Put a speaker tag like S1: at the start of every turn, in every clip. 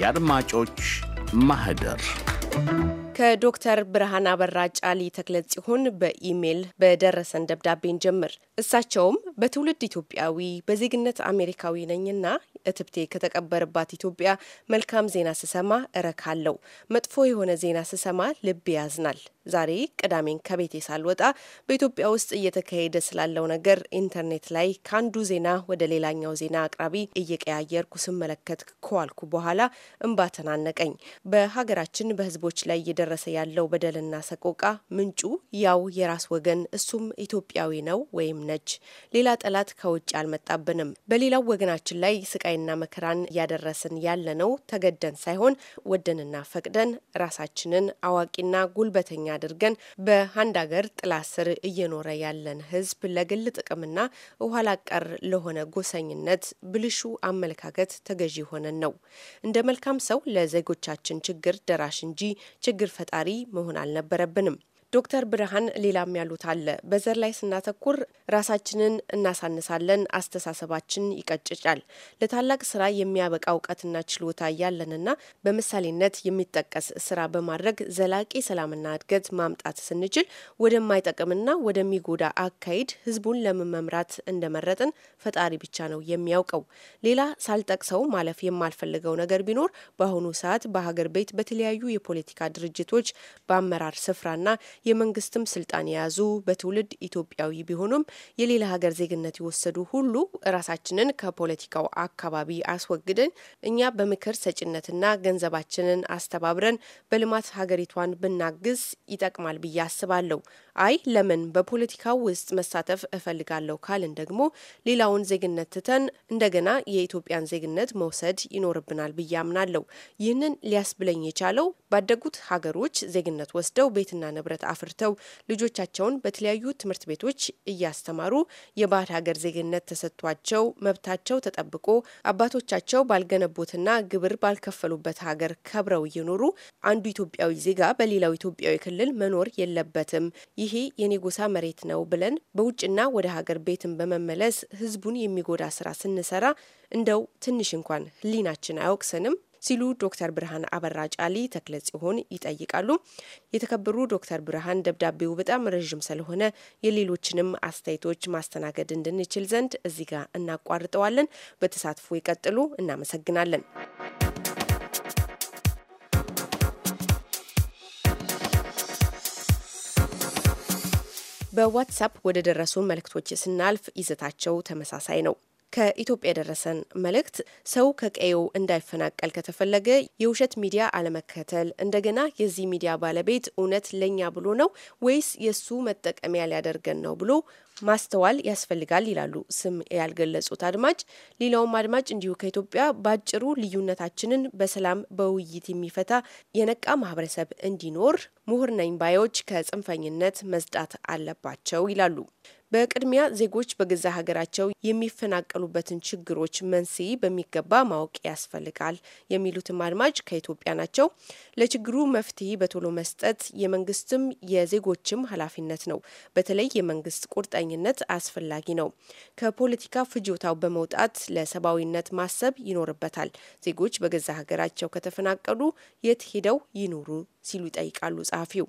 S1: የአድማጮች ማህደር
S2: ከዶክተር ብርሃን አበራ ጫሊ ተክለ ጽዮን በኢሜይል በደረሰን ደብዳቤን ጀምር። እሳቸውም በትውልድ ኢትዮጵያዊ በዜግነት አሜሪካዊ ነኝና እትብቴ ከተቀበረባት ኢትዮጵያ መልካም ዜና ስሰማ እረካለው፣ መጥፎ የሆነ ዜና ስሰማ ልብ ያዝናል። ዛሬ ቅዳሜን ከቤቴ ሳልወጣ በኢትዮጵያ ውስጥ እየተካሄደ ስላለው ነገር ኢንተርኔት ላይ ከአንዱ ዜና ወደ ሌላኛው ዜና አቅራቢ እየቀያየርኩ ስመለከት ከዋልኩ በኋላ እንባ ተናነቀኝ። በሀገራችን በህዝቦች ላይ እየደረሰ ያለው በደልና ሰቆቃ ምንጩ ያው የራስ ወገን እሱም ኢትዮጵያዊ ነው ወይም ነች። ሌላ ጠላት ከውጭ አልመጣብንም። በሌላው ወገናችን ላይ ስቃይና መከራን እያደረስን ያለነው ተገደን ሳይሆን ወደንና ፈቅደን ራሳችንን አዋቂና ጉልበተኛ አድርገን በአንድ ሀገር ጥላ ስር እየኖረ ያለን ህዝብ ለግል ጥቅምና ኋላ ቀር ለሆነ ጎሰኝነት፣ ብልሹ አመለካከት ተገዢ ሆነን ነው። እንደ መልካም ሰው ለዜጎቻችን ችግር ደራሽ እንጂ ችግር ፈጣሪ መሆን አልነበረብንም። ዶክተር ብርሃን ሌላም ያሉት አለ። በዘር ላይ ስናተኩር ራሳችንን እናሳንሳለን፣ አስተሳሰባችን ይቀጭጫል። ለታላቅ ስራ የሚያበቃ እውቀትና ችሎታ እያለንና በምሳሌነት የሚጠቀስ ስራ በማድረግ ዘላቂ ሰላምና እድገት ማምጣት ስንችል ወደማይጠቅምና ወደሚጎዳ አካሄድ ህዝቡን ለምን መምራት እንደመረጥን ፈጣሪ ብቻ ነው የሚያውቀው። ሌላ ሳልጠቅሰው ማለፍ የማልፈልገው ነገር ቢኖር በአሁኑ ሰዓት በሀገር ቤት በተለያዩ የፖለቲካ ድርጅቶች በአመራር ስፍራና የመንግስትም ስልጣን የያዙ በትውልድ ኢትዮጵያዊ ቢሆኑም የሌላ ሀገር ዜግነት የወሰዱ ሁሉ ራሳችንን ከፖለቲካው አካባቢ አስወግደን እኛ በምክር ሰጭነትና ገንዘባችንን አስተባብረን በልማት ሀገሪቷን ብናግዝ ይጠቅማል ብዬ አስባለሁ። አይ ለምን በፖለቲካው ውስጥ መሳተፍ እፈልጋለሁ ካልን ደግሞ ሌላውን ዜግነት ትተን እንደገና የኢትዮጵያን ዜግነት መውሰድ ይኖርብናል ብዬ አምናለሁ። ይህንን ሊያስብለኝ የቻለው ባደጉት ሀገሮች ዜግነት ወስደው ቤትና ንብረት አፍርተው ልጆቻቸውን በተለያዩ ትምህርት ቤቶች እያስተማሩ የባዕድ ሀገር ዜግነት ተሰጥቷቸው መብታቸው ተጠብቆ አባቶቻቸው ባልገነቡትና ግብር ባልከፈሉበት ሀገር ከብረው እየኖሩ አንዱ ኢትዮጵያዊ ዜጋ በሌላው ኢትዮጵያዊ ክልል መኖር የለበትም። ይሄ የኔ ጎሳ መሬት ነው ብለን በውጭና ወደ ሀገር ቤትን በመመለስ ህዝቡን የሚጎዳ ስራ ስንሰራ እንደው ትንሽ እንኳን ህሊናችን አያወቅሰንም? ሲሉ ዶክተር ብርሃን አበራ ጫሊ ተክለ ጽሆን ይጠይቃሉ። የተከበሩ ዶክተር ብርሃን ደብዳቤው በጣም ረዥም ስለሆነ የሌሎችንም አስተያየቶች ማስተናገድ እንድንችል ዘንድ እዚህ ጋር እናቋርጠዋለን። በተሳትፎ ይቀጥሉ። እናመሰግናለን። በዋትሳፕ ወደ ደረሱ መልእክቶች ስናልፍ ይዘታቸው ተመሳሳይ ነው። ከኢትዮጵያ የደረሰን መልእክት ሰው ከቀየው እንዳይፈናቀል ከተፈለገ የውሸት ሚዲያ አለመከተል፣ እንደገና የዚህ ሚዲያ ባለቤት እውነት ለኛ ብሎ ነው ወይስ የእሱ መጠቀሚያ ሊያደርገን ነው ብሎ ማስተዋል ያስፈልጋል ይላሉ ስም ያልገለጹት አድማጭ። ሌላውም አድማጭ እንዲሁ ከኢትዮጵያ በአጭሩ ልዩነታችንን በሰላም በውይይት የሚፈታ የነቃ ማህበረሰብ እንዲኖር ምሁር ነኝ ባዮች ከጽንፈኝነት መዝዳት አለባቸው ይላሉ። በቅድሚያ ዜጎች በገዛ ሀገራቸው የሚፈናቀሉበትን ችግሮች መንስኤ በሚገባ ማወቅ ያስፈልጋል የሚሉትም አድማጭ ከኢትዮጵያ ናቸው። ለችግሩ መፍትሄ በቶሎ መስጠት የመንግስትም የዜጎችም ኃላፊነት ነው። በተለይ የመንግስት ቁርጠኝነት አስፈላጊ ነው። ከፖለቲካ ፍጆታው በመውጣት ለሰብአዊነት ማሰብ ይኖርበታል። ዜጎች በገዛ ሀገራቸው ከተፈናቀሉ የት ሄደው ይኖሩ ሲሉ ይጠይቃሉ ጸሐፊው።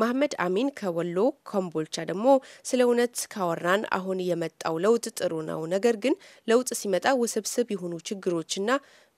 S2: ማህመድ አሚን ከወሎ ኮምቦልቻ ደግሞ ስለ እውነት ካወራን አሁን የመጣው ለውጥ ጥሩ ነው፣ ነገር ግን ለውጥ ሲመጣ ውስብስብ የሆኑ ችግሮችና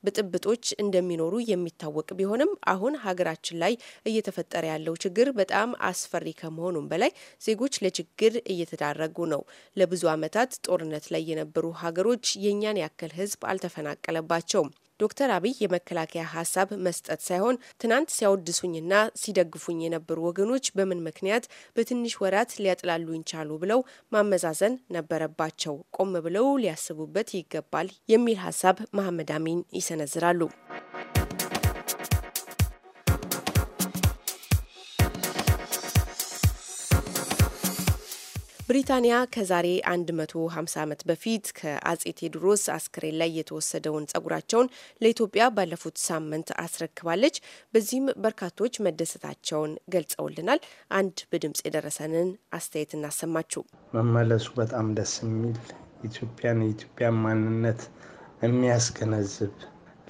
S2: ብጥብጦች እንደሚኖሩ የሚታወቅ ቢሆንም አሁን ሀገራችን ላይ እየተፈጠረ ያለው ችግር በጣም አስፈሪ ከመሆኑም በላይ ዜጎች ለችግር እየተዳረጉ ነው። ለብዙ ዓመታት ጦርነት ላይ የነበሩ ሀገሮች የእኛን ያክል ሕዝብ አልተፈናቀለባቸውም። ዶክተር አብይ የመከላከያ ሀሳብ መስጠት ሳይሆን ትናንት ሲያወድሱኝና ሲደግፉኝ የነበሩ ወገኖች በምን ምክንያት በትንሽ ወራት ሊያጥላሉኝ ቻሉ ብለው ማመዛዘን ነበረባቸው። ቆም ብለው ሊያስቡበት ይገባል የሚል ሀሳብ መሐመድ አሚን ይሰነዝራሉ። ብሪታንያ ከዛሬ 150 ዓመት በፊት ከአጼ ቴዎድሮስ አስክሬን ላይ የተወሰደውን ጸጉራቸውን ለኢትዮጵያ ባለፉት ሳምንት አስረክባለች። በዚህም በርካቶች መደሰታቸውን ገልጸውልናል። አንድ በድምጽ የደረሰንን አስተያየት እናሰማችሁ። መመለሱ በጣም ደስ የሚል ኢትዮጵያን የኢትዮጵያን ማንነት የሚያስገነዝብ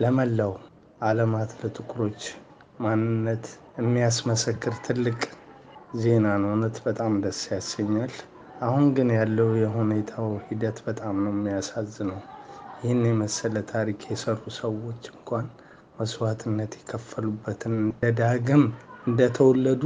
S2: ለመላው ዓለማት ለጥቁሮች ማንነት የሚያስመሰክር ትልቅ ዜና ነው። እውነት በጣም ደስ ያሰኛል። አሁን ግን ያለው የሁኔታው ሂደት በጣም ነው የሚያሳዝነው። ይህን የመሰለ ታሪክ የሰሩ ሰዎች እንኳን መስዋዕትነት የከፈሉበትን እንደ ዳግም እንደተወለዱ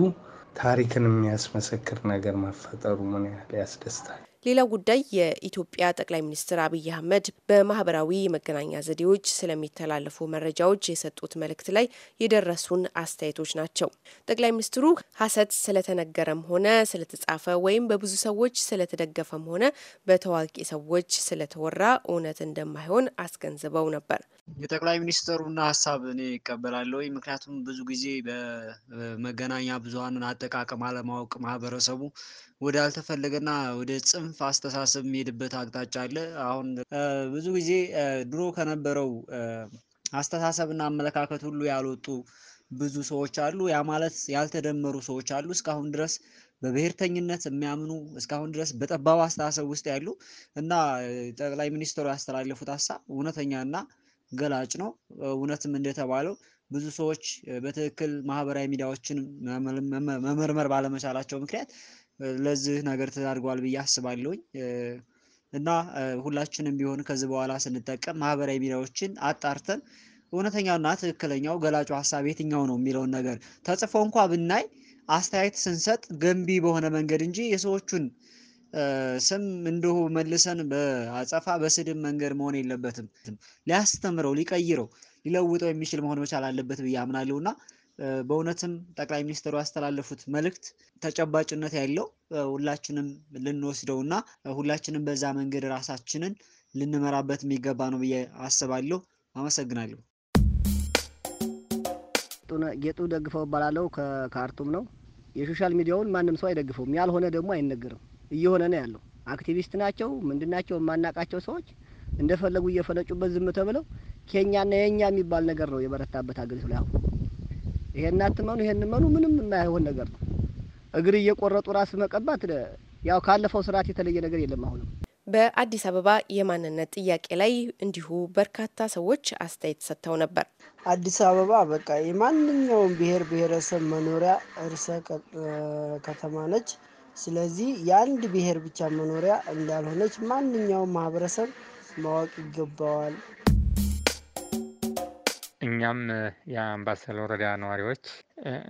S2: ታሪክን የሚያስመሰክር ነገር መፈጠሩ ምን ያህል ያስደስታል። ሌላው ጉዳይ የኢትዮጵያ ጠቅላይ ሚኒስትር አብይ አህመድ በማህበራዊ መገናኛ ዘዴዎች ስለሚተላለፉ መረጃዎች የሰጡት መልእክት ላይ የደረሱን አስተያየቶች ናቸው። ጠቅላይ ሚኒስትሩ ሀሰት ስለተነገረም ሆነ ስለተጻፈ ወይም በብዙ ሰዎች ስለተደገፈም ሆነ በታዋቂ ሰዎች ስለተወራ እውነት እንደማይሆን አስገንዝበው ነበር።
S1: የጠቅላይ ሚኒስትሩና ሀሳብ እኔ ይቀበላለሁ። ምክንያቱም ብዙ ጊዜ በመገናኛ ብዙሀንን አጠቃቀም አለማወቅ ማህበረሰቡ ወደ አልተፈለገና ወደ ጽንፍ አስተሳሰብ የሚሄድበት አቅጣጫ አለ። አሁን ብዙ ጊዜ ድሮ ከነበረው አስተሳሰብና አመለካከት ሁሉ ያልወጡ ብዙ ሰዎች አሉ። ያ ማለት ያልተደመሩ ሰዎች አሉ። እስካሁን ድረስ በብሔርተኝነት የሚያምኑ እስካሁን ድረስ በጠባብ አስተሳሰብ ውስጥ ያሉ እና ጠቅላይ ሚኒስትሩ ያስተላለፉት ሀሳብ እውነተኛና ገላጭ ነው። እውነትም እንደተባለው ብዙ ሰዎች በትክክል ማህበራዊ ሚዲያዎችን መመርመር ባለመቻላቸው ምክንያት ለዚህ ነገር ተዳርጓል ብዬ አስባለሁኝ። እና ሁላችንም ቢሆን ከዚህ በኋላ ስንጠቀም ማህበራዊ ሚዲያዎችን አጣርተን እውነተኛውና ትክክለኛው ገላጩ ሀሳብ የትኛው ነው የሚለውን ነገር ተጽፎ እንኳ ብናይ አስተያየት ስንሰጥ ገንቢ በሆነ መንገድ እንጂ የሰዎቹን ስም እንዲሁ መልሰን በአጸፋ በስድብ መንገድ መሆን የለበትም። ሊያስተምረው፣ ሊቀይረው፣ ሊለውጠው የሚችል መሆን መቻል አለበት ብዬ አምናለሁ እና በእውነትም ጠቅላይ ሚኒስትሩ ያስተላለፉት መልእክት ተጨባጭነት ያለው ሁላችንም ልንወስደው እና ሁላችንም በዛ መንገድ ራሳችንን ልንመራበት የሚገባ ነው ብዬ አስባለሁ። አመሰግናለሁ። ጌጡ ደግፈው እባላለሁ። ከካርቱም ነው። የሶሻል ሚዲያውን ማንም ሰው አይደግፈውም። ያልሆነ ደግሞ አይነገርም። እየሆነ ነው ያለው። አክቲቪስት ናቸው ምንድን ናቸው የማናቃቸው ሰዎች እንደፈለጉ እየፈነጩበት ዝም ተብለው ኬኛና የኛ የሚባል ነገር ነው የበረታበት አገሪቱ ላይ አሁን ይሄን አትመኑ፣ ይሄን መኑ፣ ምንም የማይሆን ነገር ነው። እግር እየቆረጡ ራስ
S2: መቀባት ያው ካለፈው ስርዓት የተለየ ነገር የለም። አሁንም በአዲስ አበባ የማንነት ጥያቄ ላይ እንዲሁ በርካታ ሰዎች አስተያየት ሰጥተው ነበር። አዲስ አበባ በቃ
S1: የማንኛውም ብሔር ብሔረሰብ መኖሪያ እርሰ ከተማ ነች። ስለዚህ የአንድ ብሔር ብቻ መኖሪያ እንዳልሆነች ማንኛውም ማህበረሰብ ማወቅ ይገባዋል
S3: እኛም የአምባሰል ወረዳ ነዋሪዎች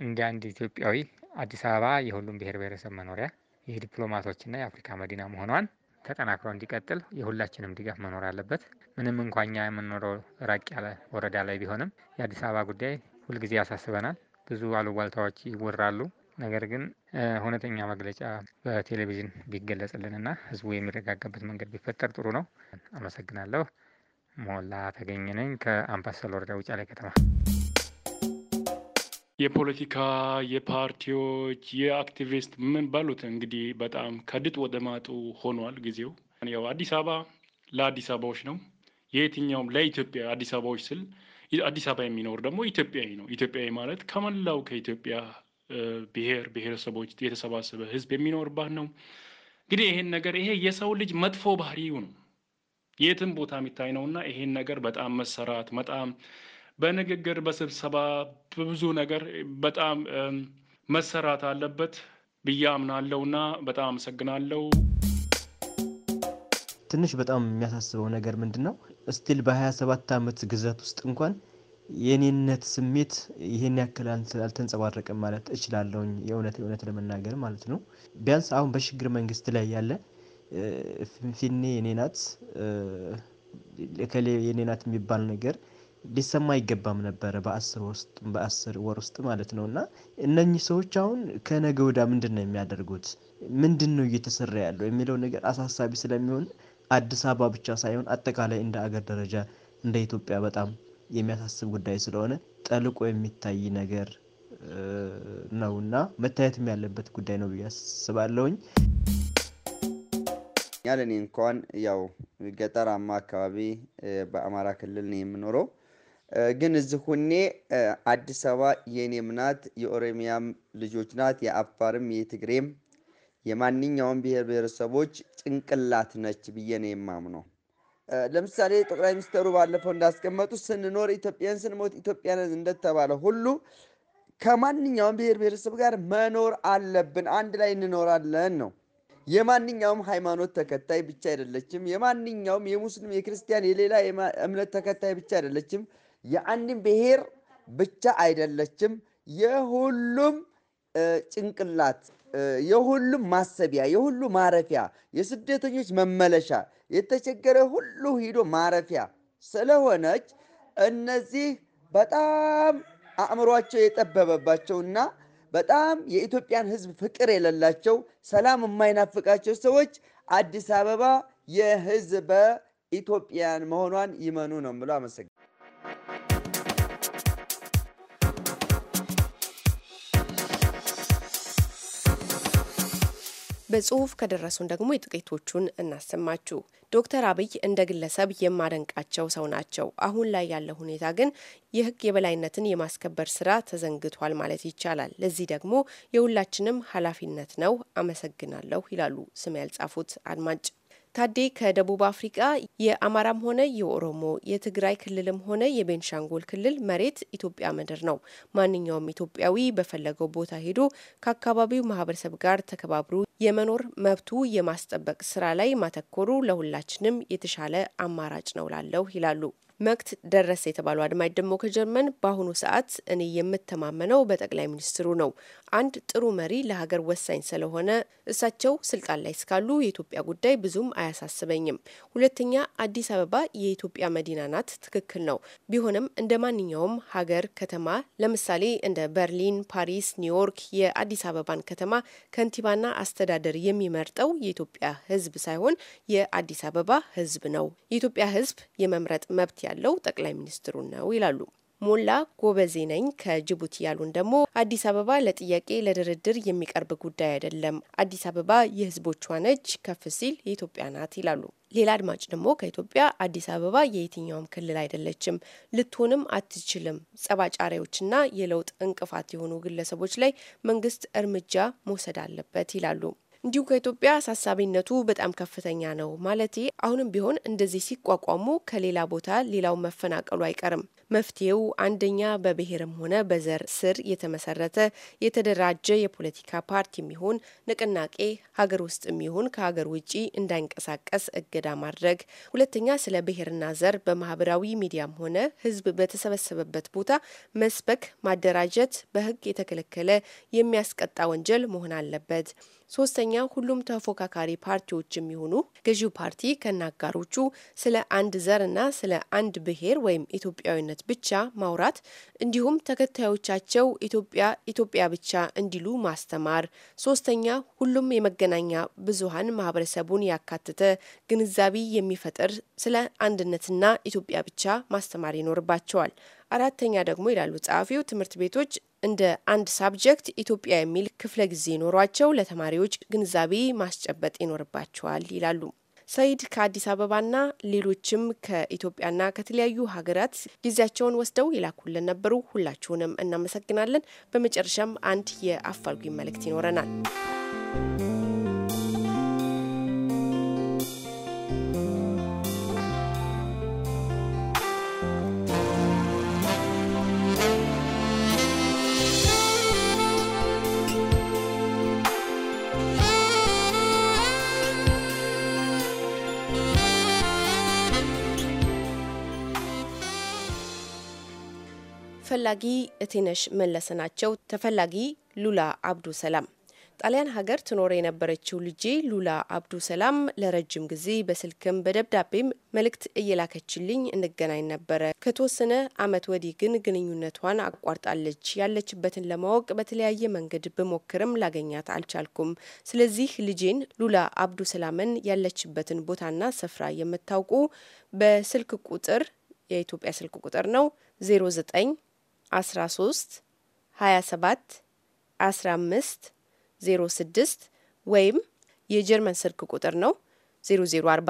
S3: እንደ አንድ ኢትዮጵያዊ አዲስ አበባ የሁሉም ብሔር ብሔረሰብ መኖሪያ የዲፕሎማቶችና የአፍሪካ መዲና መሆኗን ተጠናክሮ እንዲቀጥል የሁላችንም ድጋፍ መኖር አለበት። ምንም እንኳ እኛ የምንኖረው ራቅ ያለ ወረዳ ላይ ቢሆንም የአዲስ አበባ ጉዳይ ሁልጊዜ ያሳስበናል። ብዙ አሉባልታዎች ይወራሉ። ነገር ግን እውነተኛ መግለጫ በቴሌቪዥን ቢገለጽልንና ሕዝቡ የሚረጋጋበት መንገድ ቢፈጠር ጥሩ ነው። አመሰግናለሁ። ሞላ ተገኘ ነኝ ከአምባሰል ወረዳ ውጫሌ ከተማ። የፖለቲካ የፓርቲዎች የአክቲቪስት ምን ባሉት እንግዲህ በጣም ከድጥ ወደ ማጡ ሆኗል። ጊዜው ያው አዲስ አበባ ለአዲስ አበባዎች ነው። የየትኛውም ለኢትዮጵያ አዲስ አበባዎች ስል አዲስ አበባ የሚኖር ደግሞ ኢትዮጵያዊ ነው። ኢትዮጵያዊ ማለት ከመላው ከኢትዮጵያ ብሔር ብሔረሰቦች የተሰባሰበ ህዝብ የሚኖርባት ነው። እንግዲህ ይሄን ነገር ይሄ የሰው ልጅ መጥፎ ባህሪው ነው። የትም ቦታ የሚታይ እና ይሄን ነገር በጣም መሰራት በጣም በንግግር በስብሰባ ብዙ ነገር በጣም መሰራት አለበት ብዬ እና በጣም አመሰግናለው
S1: ትንሽ በጣም የሚያሳስበው ነገር ምንድን ነው ስቲል በ27 ዓመት ግዛት ውስጥ እንኳን የኔነት ስሜት ይሄን ያክል አልተንጸባረቅም ማለት እችላለሁኝ። የእውነት የእውነት ለመናገር ማለት ነው ቢያንስ አሁን በሽግግር መንግስት ላይ ያለ ፊኔ የኔ ናት እከሌ የኔ ናት የሚባል ነገር ሊሰማ አይገባም ነበረ በአስር ውስጥ በአስር ወር ውስጥ ማለት ነው። እና እነኚህ ሰዎች አሁን ከነገ ወዳ ምንድን ነው የሚያደርጉት ምንድን ነው እየተሰራ ያለው የሚለው ነገር አሳሳቢ ስለሚሆን አዲስ አበባ ብቻ ሳይሆን አጠቃላይ እንደ ሀገር ደረጃ እንደ ኢትዮጵያ በጣም የሚያሳስብ ጉዳይ ስለሆነ ጠልቆ የሚታይ ነገር እና መታየትም ያለበት ጉዳይ ነው ብዬ አስባለሁኝ።
S3: ይመስለኛል። እኔ እንኳን ያው ገጠራማ አካባቢ በአማራ ክልል ነው የምኖረው። ግን እዚህ ሁኔ አዲስ አበባ የእኔም ናት፣ የኦሮሚያም ልጆች ናት፣ የአፋርም የትግሬም የማንኛውም ብሔር ብሔረሰቦች ጭንቅላት ነች ብዬ ነው የማምነው። ለምሳሌ ጠቅላይ ሚኒስትሩ ባለፈው እንዳስቀመጡ ስንኖር ኢትዮጵያን ስንሞት ኢትዮጵያን እንደተባለ ሁሉ ከማንኛውም ብሔር ብሔረሰብ ጋር መኖር አለብን፣ አንድ ላይ እንኖራለን ነው የማንኛውም ሃይማኖት ተከታይ ብቻ አይደለችም። የማንኛውም የሙስሊም፣ የክርስቲያን፣ የሌላ እምነት ተከታይ ብቻ አይደለችም። የአንድም ብሔር ብቻ አይደለችም። የሁሉም ጭንቅላት፣ የሁሉም ማሰቢያ፣ የሁሉ ማረፊያ፣ የስደተኞች መመለሻ፣ የተቸገረ ሁሉ ሂዶ ማረፊያ ስለሆነች እነዚህ በጣም አእምሯቸው የጠበበባቸውና በጣም የኢትዮጵያን ህዝብ ፍቅር የሌላቸው ሰላም የማይናፍቃቸው ሰዎች አዲስ አበባ የህዝበ ኢትዮጵያን መሆኗን ይመኑ ነው ብሎ አመሰግናለሁ።
S2: በጽሁፍ ከደረሱን ደግሞ የጥቂቶቹን እናሰማችሁ። ዶክተር አብይ እንደ ግለሰብ የማደንቃቸው ሰው ናቸው። አሁን ላይ ያለው ሁኔታ ግን የህግ የበላይነትን የማስከበር ስራ ተዘንግቷል ማለት ይቻላል። ለዚህ ደግሞ የሁላችንም ኃላፊነት ነው። አመሰግናለሁ ይላሉ ስም ያልጻፉት አድማጭ። ታዴ ከደቡብ አፍሪቃ የአማራም ሆነ የኦሮሞ የትግራይ ክልልም ሆነ የቤንሻንጉል ክልል መሬት ኢትዮጵያ ምድር ነው። ማንኛውም ኢትዮጵያዊ በፈለገው ቦታ ሄዶ ከአካባቢው ማህበረሰብ ጋር ተከባብሮ የመኖር መብቱ የማስጠበቅ ስራ ላይ ማተኮሩ ለሁላችንም የተሻለ አማራጭ ነው ላለው ይላሉ። መክት ደረሰ የተባለው አድማጭ ደግሞ ከጀርመን በአሁኑ ሰዓት እኔ የምተማመነው በጠቅላይ ሚኒስትሩ ነው። አንድ ጥሩ መሪ ለሀገር ወሳኝ ስለሆነ እሳቸው ስልጣን ላይ እስካሉ የኢትዮጵያ ጉዳይ ብዙም አያሳስበኝም። ሁለተኛ አዲስ አበባ የኢትዮጵያ መዲና ናት። ትክክል ነው። ቢሆንም እንደ ማንኛውም ሀገር ከተማ ለምሳሌ እንደ በርሊን፣ ፓሪስ፣ ኒውዮርክ የአዲስ አበባን ከተማ ከንቲባና አስተዳደር የሚመርጠው የኢትዮጵያ ሕዝብ ሳይሆን የአዲስ አበባ ሕዝብ ነው። የኢትዮጵያ ሕዝብ የመምረጥ መብት ያለው ጠቅላይ ሚኒስትሩ ነው ይላሉ። ሞላ ጎበዜ ነኝ ከጅቡቲ ያሉን ደግሞ አዲስ አበባ ለጥያቄ ለድርድር የሚቀርብ ጉዳይ አይደለም፣ አዲስ አበባ የህዝቦቿ ነች፣ ከፍ ሲል የኢትዮጵያ ናት ይላሉ። ሌላ አድማጭ ደግሞ ከኢትዮጵያ አዲስ አበባ የየትኛውም ክልል አይደለችም፣ ልትሆንም አትችልም፣ ጸባጫሪዎችና የለውጥ እንቅፋት የሆኑ ግለሰቦች ላይ መንግስት እርምጃ መውሰድ አለበት ይላሉ። እንዲሁ ከኢትዮጵያ አሳሳቢነቱ በጣም ከፍተኛ ነው። ማለቴ አሁንም ቢሆን እንደዚህ ሲቋቋሙ ከሌላ ቦታ ሌላው መፈናቀሉ አይቀርም። መፍትሄው አንደኛ በብሔርም ሆነ በዘር ስር የተመሰረተ የተደራጀ የፖለቲካ ፓርቲ የሚሆን ንቅናቄ ሀገር ውስጥ የሚሆን ከሀገር ውጪ እንዳይንቀሳቀስ እገዳ ማድረግ። ሁለተኛ ስለ ብሔርና ዘር በማህበራዊ ሚዲያም ሆነ ህዝብ በተሰበሰበበት ቦታ መስበክ፣ ማደራጀት በህግ የተከለከለ የሚያስቀጣ ወንጀል መሆን አለበት። ሶስተኛ ሁሉም ተፎካካሪ ፓርቲዎች የሚሆኑ ገዢው ፓርቲ ከናጋሮቹ ስለ አንድ ዘርና ስለ አንድ ብሔር ወይም ኢትዮጵያዊነት ብቻ ማውራት እንዲሁም ተከታዮቻቸው ኢትዮጵያ ኢትዮጵያ ብቻ እንዲሉ ማስተማር። ሶስተኛ ሁሉም የመገናኛ ብዙሃን ማህበረሰቡን ያካተተ ግንዛቤ የሚፈጥር ስለ አንድነትና ኢትዮጵያ ብቻ ማስተማር ይኖርባቸዋል። አራተኛ ደግሞ ይላሉ ጸሐፊው፣ ትምህርት ቤቶች እንደ አንድ ሳብጀክት ኢትዮጵያ የሚል ክፍለ ጊዜ ኖሯቸው ለተማሪዎች ግንዛቤ ማስጨበጥ ይኖርባቸዋል ይላሉ። ሰይድ ከአዲስ አበባና ሌሎችም ከኢትዮጵያና ከተለያዩ ሀገራት ጊዜያቸውን ወስደው ይላኩልን ነበሩ። ሁላችሁንም እናመሰግናለን። በመጨረሻም አንድ የአፋልጉኝ መልእክት ይኖረናል። ተፈላጊ እቴነሽ መለሰ ናቸው። ተፈላጊ ሉላ አብዱ ሰላም ጣሊያን ሀገር ትኖር የነበረችው ልጄ ሉላ አብዱ ሰላም ለረጅም ጊዜ በስልክም በደብዳቤም መልእክት እየላከችልኝ እንገናኝ ነበረ። ከተወሰነ ዓመት ወዲህ ግን ግንኙነቷን አቋርጣለች። ያለችበትን ለማወቅ በተለያየ መንገድ ብሞክርም ላገኛት አልቻልኩም። ስለዚህ ልጄን ሉላ አብዱ ሰላምን ያለችበትን ቦታና ስፍራ የምታውቁ በስልክ ቁጥር የኢትዮጵያ ስልክ ቁጥር ነው 09 አስራ ሶስት ሀያ ወይም የጀርመን ስልክ ቁጥር ነው ዜሮ ዜሮ አርባ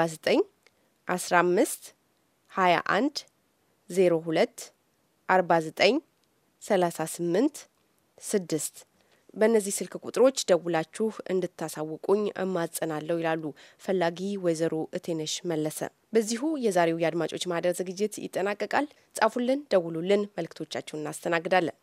S2: በእነዚህ ስልክ ቁጥሮች ደውላችሁ እንድታሳውቁኝ እማጸናለሁ ይላሉ ፈላጊ ወይዘሮ እቴነሽ መለሰ። በዚሁ የዛሬው የአድማጮች ማህደር ዝግጅት ይጠናቀቃል። ጻፉልን፣ ደውሉልን፣ መልእክቶቻችሁን እናስተናግዳለን።